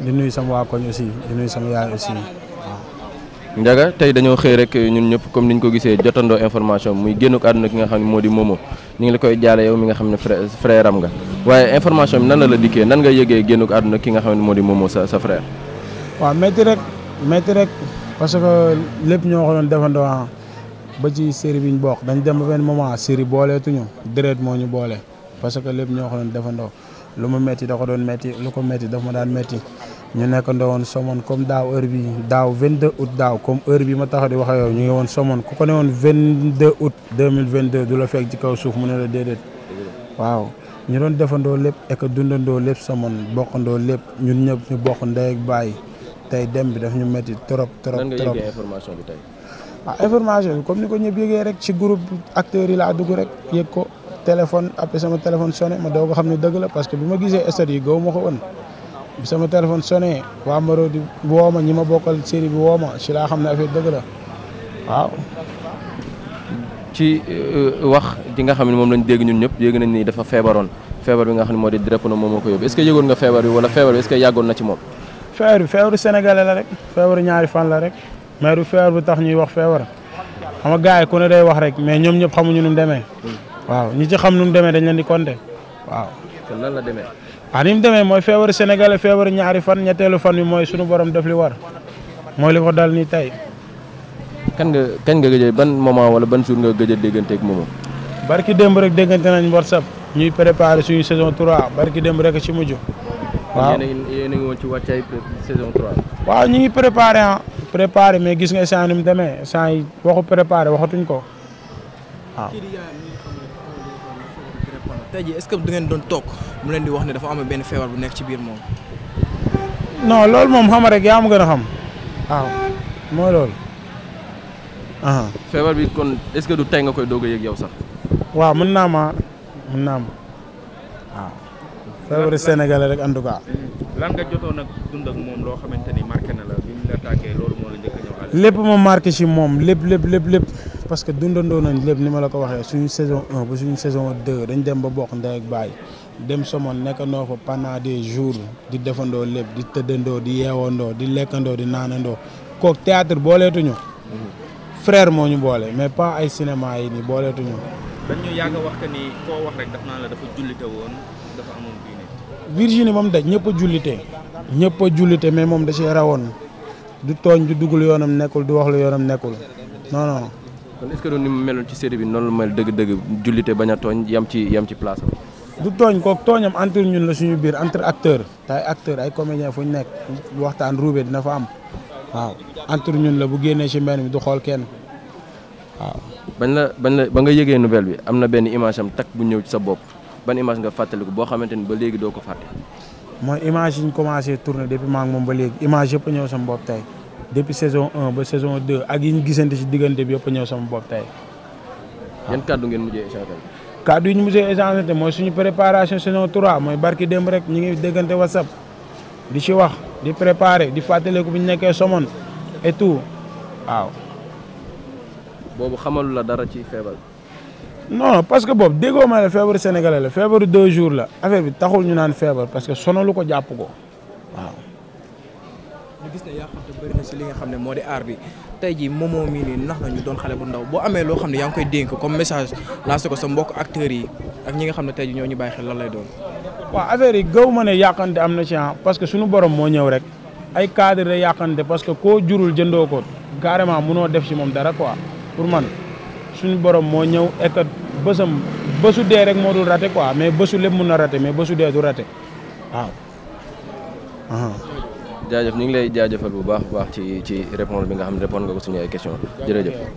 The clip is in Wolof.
di nuyu sama waa koñ aussi di nuyu sama yaay aussi waaw. tey dañoo xëy rek ñun ñëpp comme ni ñu ko gisee jotandoo information muy génn génnuk àdduna ki nga xam ne moo di Momo ñu ngi koy jaale yow nga xam ne frère frère am nga waaye information bi nan la la dikkee nan nga génn génnuk àdduna ki nga xam ne moo di Momo sa sa waa waaw métti rek métti rek parce que lépp ñoo ko doon defandoo ah, ba ci série bi ñu bokk dañ dem ba benn moment série booleetuñu dërët moo ñu boole parce que lépp ñoo ko doon defandoo. lu ma metti da ko doon metti lu ko metti daf ma daan metti ñu nekk ndowoon somoon comme daaw heure bi daaw 22 août daaw comme heure ma taxaw di wax ñu ngi woon somoon ku ko ne woon 22 août 2022 du la fekk ci kaw suuf mu ne la déedéet waaw ñu doon defandoo lépp ek ñu bokk ndey baay tey dem bi daf ñu metti trop trop trop information bi tey ah information bi comme ni ko ñëpp yëgee rek ci groupe acteurs yi laa dugg rek yëg ko téléphone après sama téléphone sonné ma doog a xam ne dëgg la parce que bi ma gisee stade yi gaw ma ko bi sama téléphone sonné waa Marodi woo ma ñi ma bokkal série bu woo si laa xam ne affaire dëgg la waaw. ci euh, wax ji nga xam ne moom lañ dégg ñun ñëpp yéeg nañ ni dafa feebaroon feebar bi nga xam ne moo di drépano moom moo ko yóbbu est-ce que yëgoon nga feebar bi wala feebar bi est-ce que yàggoon na ci moom. feebar bi rek feebaru ñaari fan la rek mais du feebar bu tax ñuy wax feebar xam nga gars wax rek mais ñoom ñëpp xamuñu nu mu demee. waaw ñu ci xam nu mu demee dañ leen di compter waaw. kon nan la demee. ah ni mu demee mooy feebaru sénégalais feebaru ñaari fan ñetteelu fan bi mooy sunu borom def li war mooy li ko dal nii tey. kan nga kañ ga gëj ban moment wala ban jour nga gëj a dégganteeg moomu. barki démb rek déggante nañ WhatsApp ñuy préparer suñu saison 3 barki demb rek ci mujj. waaw yéen a ngi woon ci wàccaay saison 3. waaw ñu ngi préparé ah. mais gis nga saa ni mu demee saa yi waxu préparé waxatuñ ko waaw. tey jii est-ce que du ngeen doon toog mu leen di wax ne dafa am benn feebar bu nekk ci biir moom. non loolu moom xam rek yaa ma gën a xam waaw ah. mooy ah. feebar bi kon est-ce que du tey nga koy doog a yëg yow sax. waaw mën naa ma mën naa ma waaw. Ah. feebaru Sénégalais rek en tout cas. lan nga jotoon ak dund loo xamante ni marqué na la loolu moo la lépp ma marqué ci moom lépp lépp lépp lépp. parce que dundandoo nañ lépp ni ma la ko waxee suñu saison 1 ba suñu saison 2 dañ dem ba bokk ndey ak baay dem somon nekkandoo fa pendant des jours di defandoo lépp di tëddandoo di yeewandoo di lekkandoo di naanandoo kooku théâtre booleetuñu frère moo ñu boole mais pas ay cinéma yi nii booleetuñu. dañ ñu wax que ni koo wax rek daf naa la dafa jullite woon Virginie moom daj ñëpp a jullite. ñëpp a jullite mais moom da cee rawoon du tooñ du dugul yoonam nekkul du wax lu yoonam nekkul kon est doon ni mu meloon ci série bi noonu la mel dëgg-dëgg jullite bañ a tooñ yam ci yam ci place am. du tooñ kooku tooñam entre ñun la suñu biir entre acteur te ay acteur ay comédien fu ñu nekk waxtaan ruubee dina fa am waaw entre ñun la bu génnee ci mbéy bi du xool kenn waaw. bañ la bañ la ba nga yëgee nouvelle bi am na benn image am takk bu ñëw ci sa bopp ban image nga fàttaliku boo xamante ni ba léegi doo ko fàtte. mooy image yi ñu commencé tourner depuis moom ba léegi image yëpp ñëw sama bopp tey. depuis saison 1 ba saison 2 ak yi ñu gisante ci diggante bi yëpp ñëw sama bopp tey. yan kàddu ngeen mujjee échangé. kàddu yi ñu mujjee échangé mooy suñu préparation saison 3 mooy barki démb rek ñu ngi déggante whatsapp di ci wax di préparer di fàttaliku bu ñu nekkee somon et tout waaw. boobu xamalu la dara ci feebar. non parce que boobu déggoo ma la feebaru sénégalais la feebaru deux jours la affaire bi taxul ñu naan feebar parce que sonalu ko jàpp ko waaw. bëri na si li nga xam ne moo di aar bi tey jii moomoo mii nii nax nañu doon xale bu ndaw boo amee loo xam ne yaa ngi koy dénk comme message lancé ko sa mbokk acteurs yi ak ñi nga xam ne tey ñoo ñu bàyyi xel lan lay doon. waaw affaire yi gaw ma ne yàqante am na ci ah, parce que suñu borom moo ñëw rek ay cadre da yàqante parce que koo jurul jëndoo ko carrément munoo def si moom dara quoi pour man suñu borom moo ñëw ekkat bësam bësu dee rek moo dul raté quoi mais bësu lépp mun na raté mais bësu dee du raté waaw. jaajëf ñu ngi lay jaajëfal bu baax baax ci ci répondre bi nga xam ne répondre nga ko suñu ay question jërëjëf